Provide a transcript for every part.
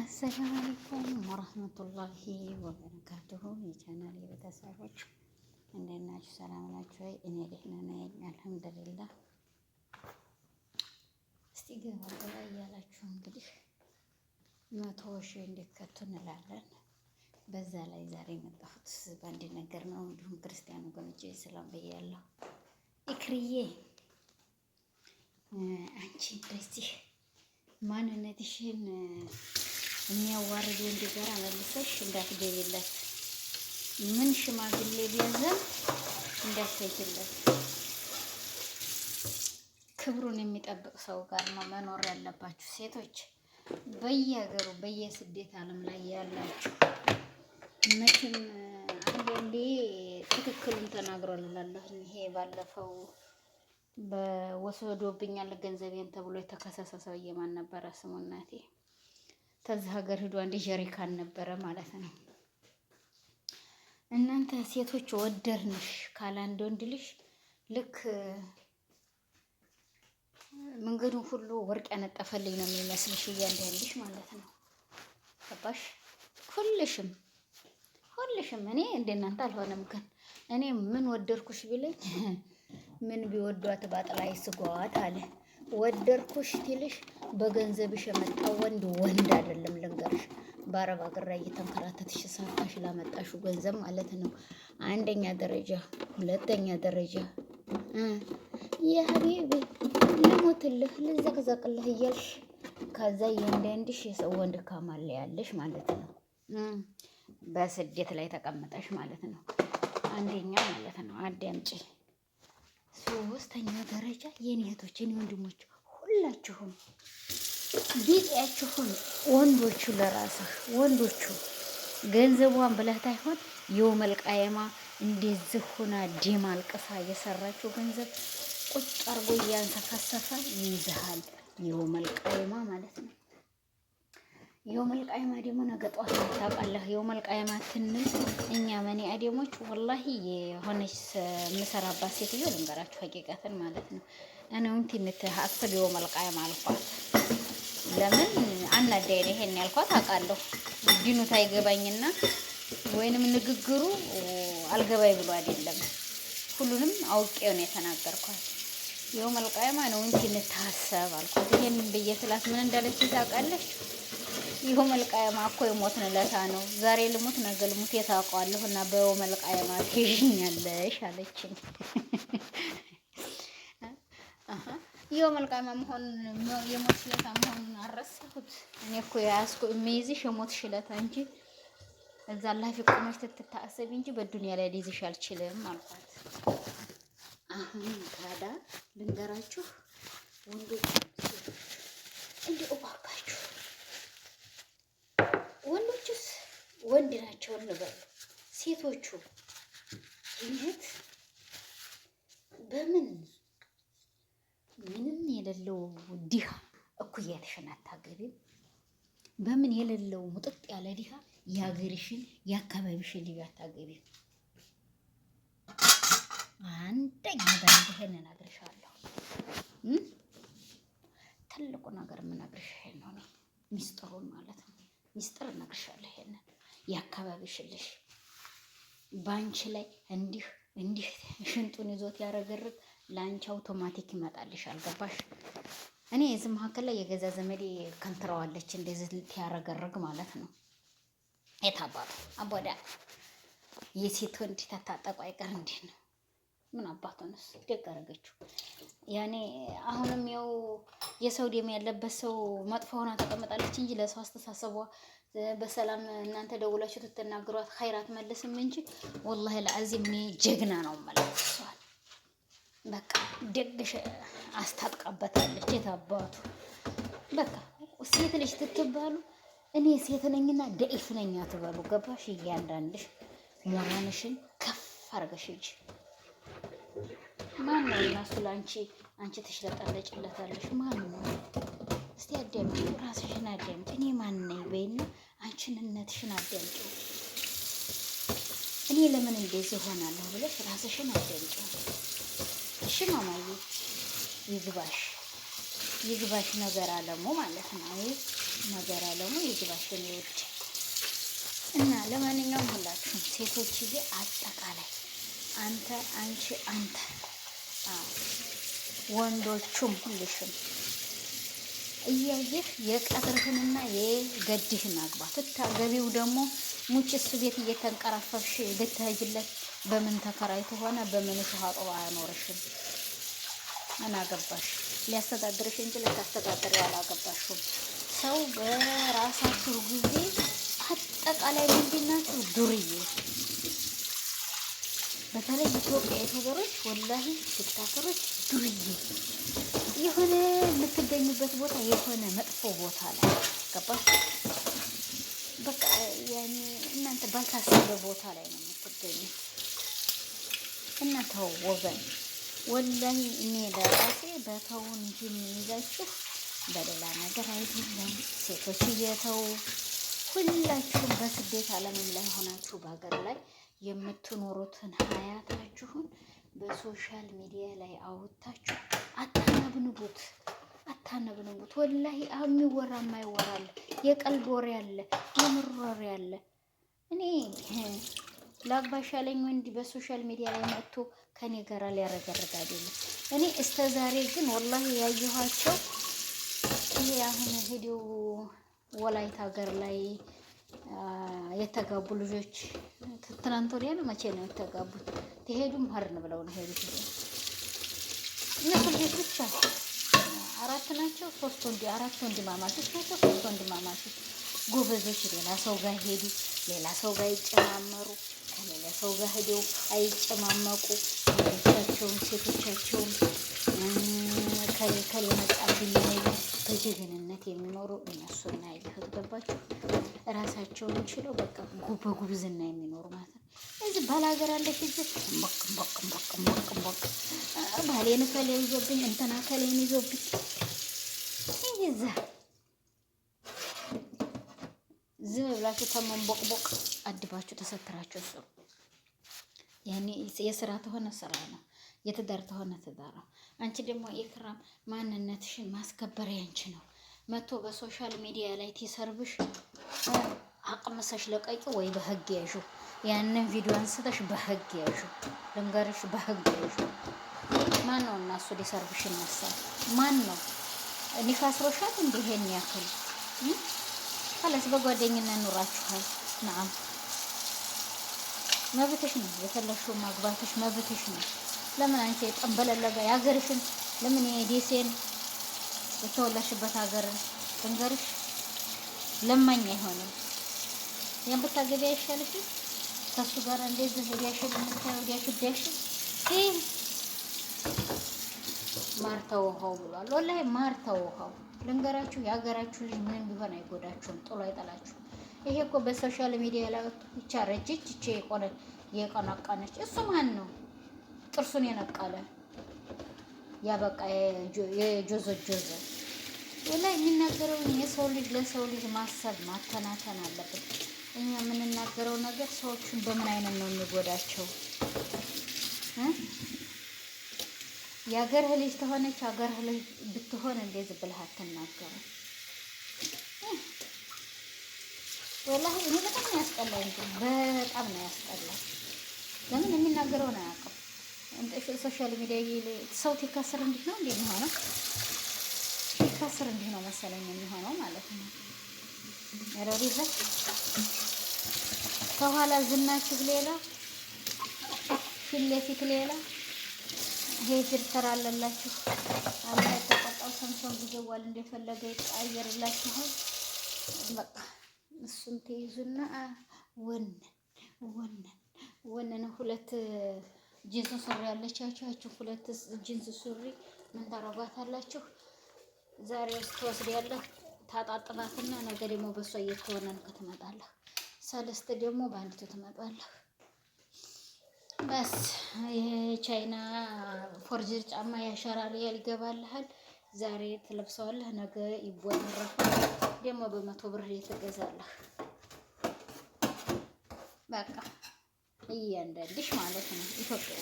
አሰላሙ አለይኩም ወረህመቱላሂ ወበረካቱሁ የቻናል የቤተሰቦች እንዴት ናችሁ? ሰላም ናችሁ ወይ? እኔ ደህና ነኝ አልሐምዱሊላህ። እስቲ ገባ ገባ እያላችሁ እንግዲህ መቶ ሺህ እንዲከቱ እንላለን። በዛ ላይ ዛሬ የመጣሁት በአንድ ነገር ነው። እንዲሁም ክርስቲያን ወገኖቼ ሰላም ብያለሁ። ኢክርዬ አንቺ እንደዚህ ማንነትሽን የሚያዋርድ ወንድ ጋር መልሰሽ እንዳትገቢለት። ምን ሽማግሌ ቢያዘን እንዳትሄጂለት። ክብሩን የሚጠብቅ ሰው ጋር ነው መኖር ያለባችሁ ሴቶች። በየሀገሩ በየስደት ዓለም ላይ ያላችሁ መቼም አንዳንዴ ትክክሉን ተናግሯል እላለሁ። ይሄ ባለፈው በወሰዶብኛል ገንዘቤን ተብሎ የተከሰሰ ሰውዬ ማን ነበረ ስሙ እናቴ? ተዚህ ሀገር ሂዶ አንድ ጀሪካን ነበረ ማለት ነው። እናንተ ሴቶች ወደርንሽ ካለ አንድ ወንድ ልጅ ልክ መንገዱን ሁሉ ወርቅ ያነጠፈልኝ ነው የሚመስልሽ እያንዳንድሽ ማለት ነው። ገባሽ? ሁልሽም ሁልሽም እኔ እንደናንተ አልሆነም። ግን እኔ ምን ወደርኩሽ ቢለኝ ምን ቢወዷት ባጥላይ ስጓት አለ ወደርኩሽ ትልሽ በገንዘብሽ የመጣው ወንድ ወንድ አይደለም። ልንገርሽ በአረብ ሀገር ላይ እየተንከራተትሽ ሰርተሽ ላመጣሽው ገንዘብ ማለት ነው። አንደኛ ደረጃ፣ ሁለተኛ ደረጃ የሀቢቢ ልሞትልህ፣ ልዘቅዘቅልህ እያልሽ ከዛ እያንዳንድሽ የሰው ወንድ ካማለ ያለሽ ማለት ነው። በስደት ላይ ተቀምጠሽ ማለት ነው። አንደኛ ማለት ነው። አዳምጪ። ሶስተኛ ደረጃ የኔ እህቶች፣ የኔ ወንድሞች ሁላችሁም ቢጤያችሁን ወንዶቹ ለራስህ ወንዶቹ ገንዘቧን ብለህ ታይሆን የው መልቃየማ እንደዚህ ሆና ደም አልቅሳ የሰራችው ገንዘብ ቁጭ አርጎ እያንሰፈሰፈ ይይዝሃል። የው መልቃየማ ማለት ነው። የውመል ቃይማ ደግሞ ነገ ጧት ታውቃለህ። የውመል ቃይማ ትንሽ እኛ መኔ አደሞች ወላሂ የሆነች የምሰራባት ሴትዮ ልንገራችሁ፣ ሀቂቃትን ማለት ነው። እኔ ውንቲ የምትሀስብ የውመል ቃይማ አልኳት። ለምን አናዳይ ነው ይሄን ያልኳት አውቃለሁ። ዲኑት አይገባኝና ወይንም ንግግሩ አልገባኝ ብሎ አይደለም፣ ሁሉንም አውቄው ነው የተናገርኳት። የውመል ቃይማ ነው ውንቲ የምትሀሰብ አልኳት። ይሄን ብዬ ስላት ምን እንዳለች ታውቃለች ይሁመል ቂያማ እኮ የሞትን ለታ ነው። ዛሬ ልሙት ነገ ልሙት የታውቀዋለሁ እና በይሁመል ቂያማ ትይዥኛለሽ አለችኝ። ይሁመል ቂያማ መሆኑን የሞት ሽለታ መሆኑን አረሳሁት። እኔ እኮ የያዝኩ የሚይዝሽ የሞት ሽለታ እንጂ እዛ ላፊ ቆመሽ ትታሰቢ እንጂ በዱንያ ላይ ሊይዝሽ አልችልም አልኳት። አሁን ታዲያ ልንገራችሁ ወንዶች እንዲሁ ወንድ ናቸው እንበል። ሴቶቹ ይህት በምን ምንም የሌለው ድሃ እኩያትሽን አታገቢም። በምን የሌለው ሙጥጥ ያለ ድሃ የሀገርሽን የአካባቢሽን ልጅ አታገቢም። አንደኛ በእንዲህን እነግርሻለሁ። ትልቁ ነገር የምነግርሽ ይሄን ነው፣ ሚስጥሩን ማለት ነው። ሚስጥር እነግርሻለሁ ይሄንን ያካባቢሽልሽ በአንቺ ላይ እንዲህ እንዲህ ሽንጡን ይዞት ያረገርግ ለአንቺ አውቶማቲክ ይመጣልሽ። አልገባሽ? እኔ የዚህ መካከል ላይ የገዛ ዘመዴ ከንትረዋለች እንደዚህ ያረገርግ ማለት ነው። የት አባቱ አቦዳ የሴት ወንድ ተታጠቁ አይቀር እንዴት ነው? ምን አባቱ ነስ ደግ አደረገችው። ያኔ አሁንም ያው የሰው ደም ያለበት ሰው መጥፎ ሆና ተቀመጣለች እንጂ ለሰው አስተሳሰቧ በሰላም እናንተ ደውላችሁ ትተናግሯት ኸይራት መልስም እንጂ ወላሂ ለአዚም እኔ ጀግና ነው ማለት በቃ ደግሽ አስታጥቃበታለች። የታባቱ በቃ ሴት ልጅ ትትባሉ እኔ ሴት ነኝና ደኢፍ ነኝ አትበሉ። ገባሽ? እያንዳንድሽ ሞራንሽን ከፍ አርገሽ እጅ ማን ነው እናሱ ለአንቺ አንቺ ትሽለጠለጭለታለሽ። ማን ነው እስቲ አዳምጪ፣ ራስሽን አዳምጪ። እኔ ማን ነኝ በይና አንቺንነትሽን አዳምጪው። እኔ ለምን እንደዚህ እሆናለሁ ብለሽ ራስሽን አዳምጪው። እሺ ማማዬ ይግባሽ ይግባሽ ነገር አለሙ ማለት ነው። ነገር አለሙ ይግባሽ ይወድ እና ለማንኛውም ሁላችሁም ሴቶችዬ አጠቃላይ አንተ፣ አንቺ፣ አንተ ወንዶቹም ሁልሽም እያየህ የቀብርህንና የገድህን አግባ። ትታገቢው ደግሞ ሙጭስ ቤት እየተንቀራፈብሽ ልትሄጂለት በምን ተከራይቶ ሆነ በምን ተዋጦ አያኖርሽም። አናገባሽ ሊያስተዳድርሽ እንጂ ልታስተዳድሪው አላገባሽም። ሰው በራሳችሁ ጊዜ አጠቃላይ ምንድን ዱርዬ። በተለይ ኢትዮጵያ የሀገሮች ወላሂ ስታፈሮች ዱርዬ የሆነ የምትገኙበት ቦታ የሆነ መጥፎ ቦታ ላይ ገባችሁ? በቃ ያኔ እናንተ ባልታሰበ ቦታ ላይ ነው የምትገኙ እናተው ተው ወገን፣ ወላሂ እኔ ለራሴ በተውን እንጂ የሚይዛችሁ በሌላ ነገር አይደለም። ሴቶች እየተው ሁላችሁም በስደት ዓለምም ላይ ሆናችሁ በሀገር ላይ የምትኖሩትን ሀያታችሁን በሶሻል ሚዲያ ላይ አውጥታችሁ አታነብንቡት አታነብንቡት። ወላሂ የሚወራ የማይወራ አለ፣ የቀልድ ወሬ አለ፣ የምር ወሬ አለ። እኔ ለአባሻ ለኝ ወንድ በሶሻል ሚዲያ ላይ መጥቶ ከኔ ጋራ ሊያረጋርግ አይደለም። እኔ እስከ ዛሬ ግን ወላሂ ያየኋቸው ይሄ አሁን ሄዲው ወላይት ሀገር ላይ የተጋቡ ልጆች ትናንት ወዲያ ነው መቼ ነው የተጋቡት? ተሄዱም ሀርን ብለው ነው ሄዱት ምስል ቤት ብቻ አራት ናቸው። ሶስት ወንድ አራት ወንድማማቾች ናቸው። ሶስት ወንድማማቾች ጎበዞች፣ ሌላ ሰው ጋር ሄዱ፣ ሌላ ሰው ጋር ይጨማመሩ፣ ከሌላ ሰው ጋር ሄደው አይጨማመቁ። ወንዶቻቸውም ሴቶቻቸውም ከሌ መጣብኝ በጀግንነት የሚኖሩ እነሱና ይህት ገባቸው ራሳቸውን ችለው በቃ በጉብዝና የሚኖሩ ማለት ነው። እዚህ ባላገር አለች እዚህ እምቦቅ እምቦቅ እምቦቅ እምቦቅ እምቦቅ ባሌን ከሌ ይዞብኝ እንትና ከሌን ይዞብኝ ይዛ ዝም ብላችሁ ከመንቦቅቦቅ አድባችሁ ተሰትራችሁ ስሩ። ያኔ የስራ ተሆነ ስራ ነው፣ የትዳር ተሆነ ትዳር ነው። አንቺ ደግሞ የክራም ማንነትሽን ማስከበር ያንቺ ነው። መቶ በሶሻል ሚዲያ ላይ ቲሰርብሽ አቅምሰሽ ለቀቂ ወይ በህግ ያዡ። ያንን ቪዲዮ አንስተሽ በህግ ያዡ። ልንገርሽ፣ በህግ ያዡ። ማን ነው እና እሱ ሊሰርብሽ ይነሳል? ማን ነው ኒካስሮሻል? እንዲሄን ያክል ከለስ በጓደኝነት ኑራችኋል። ነዓም መብትሽ ነው። የፈለግሽው ማግባትሽ መብትሽ ነው። ለምን አንቺ የጠንበለለጋ የሀገርሽን ለምን የዴሴን የተወለሽበት ሀገር ድንገርሽ ለማኝ አይሆንም። ያን ብታገቢ አይሻልሽም? ከሱ ጋር እንደዚህ ወዲያሽን የምታየው ደሽ ሲ ማር ተወኸው ብሏል። ወላሂ ማር ተወኸው ልንገራችሁ፣ የሀገራችሁ ልጅ ምንም ቢሆን አይጎዳችሁም፣ ጥሎ አይጠላችሁም። ይሄ እኮ በሶሻል ሚዲያ ላይ ብቻ ረጅች እቼ የቆነ የቆነቀነች እሱ ማን ነው ጥርሱን የነቀለ ያበቃ የጆዞ ጆዞ ወላሂ የሚናገረው የሰው ልጅ ለሰው ልጅ ማሰብ ማተናተን አለበት። እኛ የምንናገረው ነገር ሰዎቹን በምን አይነት ነው የሚጎዳቸው? የአገርህ ልጅ ተሆነች አገርህ ልጅ ብትሆን እንዴት ብለህ አትናገረው? ወላሂ እኔ በጣም ነው ያስጠላኝ፣ በጣም ነው ያስጠላኝ። ለምን የሚናገረው የሚናገረውን ሶሻል ሚዲያ ሰው ቲካስር እንዲህ ነው እንዲህ የሚሆነው ቲካስር እንዲህ ነው መሰለኝ የሚሆነው ማለት ነው። ረሪዘ ከኋላ ዝናችሁ ሌላ፣ ፊት ለፊት ሌላ። ይሄ ፊልተር አለላችሁ አላ የተቆጣው ሰምሰንግ ጀዋል እንደፈለገ ይቀያየርላችኋል። በቃ እሱን ትይዙና ወነን ወነን ወነን ሁለት ጂንስ ሱሪ ያለቻችሁ ሁለት ጂንስ ሱሪ ምን ታረጓታላችሁ? ዛሬ ውስጥ ትወስድ ያለ ታጣጥባትና ነገ ደግሞ በእሷ እየተወነንክ ትመጣለህ። ሰለስት ደግሞ በአንዲቱ ትመጣለህ። በስ የቻይና ፎርጅር ጫማ ያሸራሪ ያልገባልሃል። ዛሬ ትለብሰዋለህ፣ ነገ ይቦረረፍ ደግሞ በመቶ ብር ትገዛለህ። በቃ እያንዳንድሽ ማለት ነው ኢትዮጵያ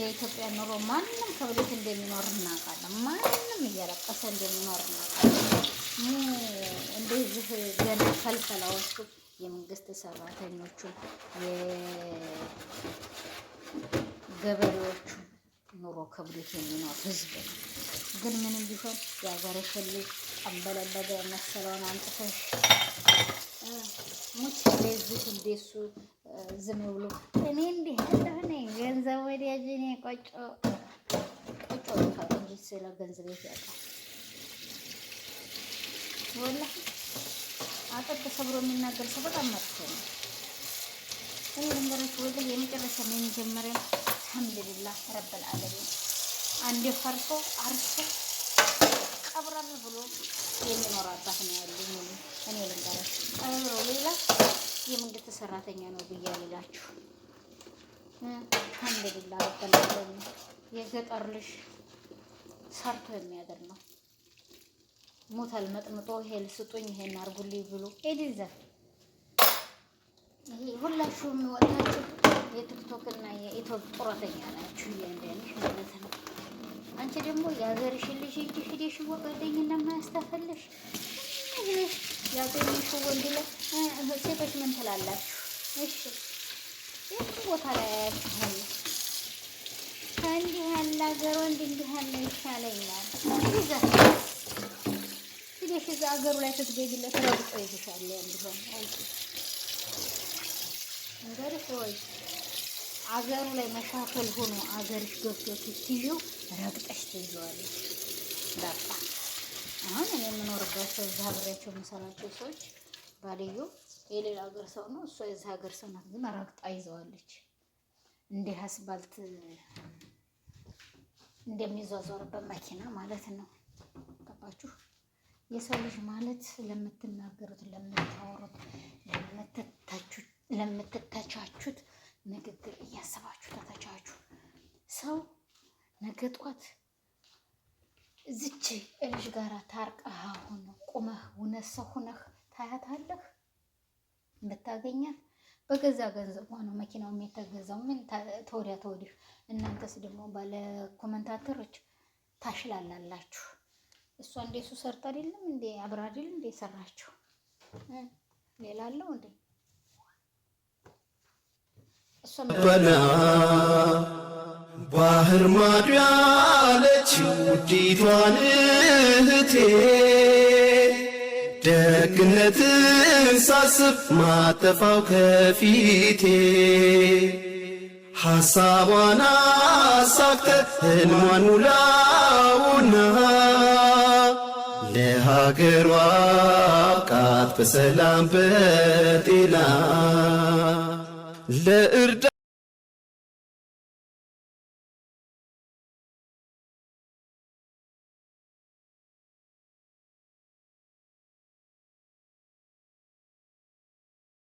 የኢትዮጵያ ኑሮ ማንም ከብሎት እንደሚኖር እናውቃለን። ማንም እያለቀሰ እንደሚኖር እናውቃለን። እንደዚህ ገና ፈልፈላዎቹ የመንግስት ሰራተኞቹ የገበሬዎቹ ኑሮ ከብዶት የሚኖር ህዝብ ግን ምንም ቢሆን የሀገርሽን ልጅ ጠንበለለገ መሰለውን አንጥፈሽ ሙች እንደዚህ እንደሱ ዝም ብሎ እኔ እንዲህ እንደሆነ ገንዘብ ወዲያጅ እኔ ቆጮ ቆጮ ይፋቅ እንጂ ስለ ገንዘብ የት ያውቃል? ወላሂ አጠብ ተሰብሮ የሚናገር ሰው በጣም መጥፎ ነው። እኔ ልንገራችሁ ወላሂ የመጨረሻ የመጀመሪያ አልሐምዱሊላህ ረብል ዓለሚን አንዴ ፈርሶ አርሶ አብራር ብሎ የሚኖር አባት ነው ያለኝ። እኔ ልንገራችሁ አይምሮ ሌላ የመንግስት ሰራተኛ ነው ብዬ ልላችሁ። አልሐምዱሊላህ ረበላለም የገጠር ልጅ ሰርቶ የሚያደር ነው። ሞታል መጥምጦ ይሄን ስጡኝ ይሄን አርጉልኝ ብሎ ኤዲዘፍ ይሄ ሁላችሁም ወጣችሁ የቲክቶክ እና የኢትዮጵያ ጡረተኛ ናችሁ። እያንዳንዱ ማለት ነው። አንቺ ደግሞ የሀገርሽን ልጅ እንጂ ጓደኝነት ማያስተፈልሽ ያገኘሽ ወንድ ላይ ሴቶች ምን ትላላችሁ? እሺ ይህ ቦታ ላይ ያያችኋል። ከእንዲህ ያለ ሀገር ወንድ እንዲህ ያለ ይሻለኛል። ሂደሽ እዛ ሀገሩ ላይ ስትገቢለት ረግጦ ይዝሻለ እንዲሆን እንገርሽ ወይ አገሩ ላይ መሻፈል ሆኖ አገርሽ ገብቶ ስትይው ረግጠሽ ትይዘዋለሽ። ዳጣ። አሁን እኔ የምኖርባቸው እዚህ ሀገራቸው የምሰራቸው ሰዎች ባልዩ የሌላ ሀገር ሰው ነው፣ እሷ የዚህ ሀገር ሰው ናት። ግን ረግጣ ይዘዋለች። እንዲህ አስፋልት እንደሚዟዟርበት መኪና ማለት ነው። ገባችሁ? የሰው ልጅ ማለት ለምትናገሩት፣ ለምታወሩት፣ ለምትተቻችሁት ንግግር እያሰባችሁ ተተቻችሁ። ሰው ነገ ጧት ዝች ልጅ ጋር ታርቀህ አሁን ቁመህ እውነት ሰው ሁነህ ታያታለህ። ብታገኛት በገዛ ገንዘቧ ነው መኪናውም የተገዛው። ምን ተወዲያ ተወዲህ። እናንተስ ደግሞ ባለ ኮመንታተሮች ታሽላላላችሁ። እሷ እንደሱ ሰርታ አይደለም እንዴ አብራ አይደል እንዴ ሰራችሁ? ሌላ አለው እንዴ እሷ ባህር ማዶ ያለችው ውዲቷን እህቴ ደግነትን ሳስብ ማጠፋው ከፊቴ ሐሳቧን አሳክተ ህልሟን ሙላውና ለሀገሯ አብቃት በሰላም በጤና ለእርዳ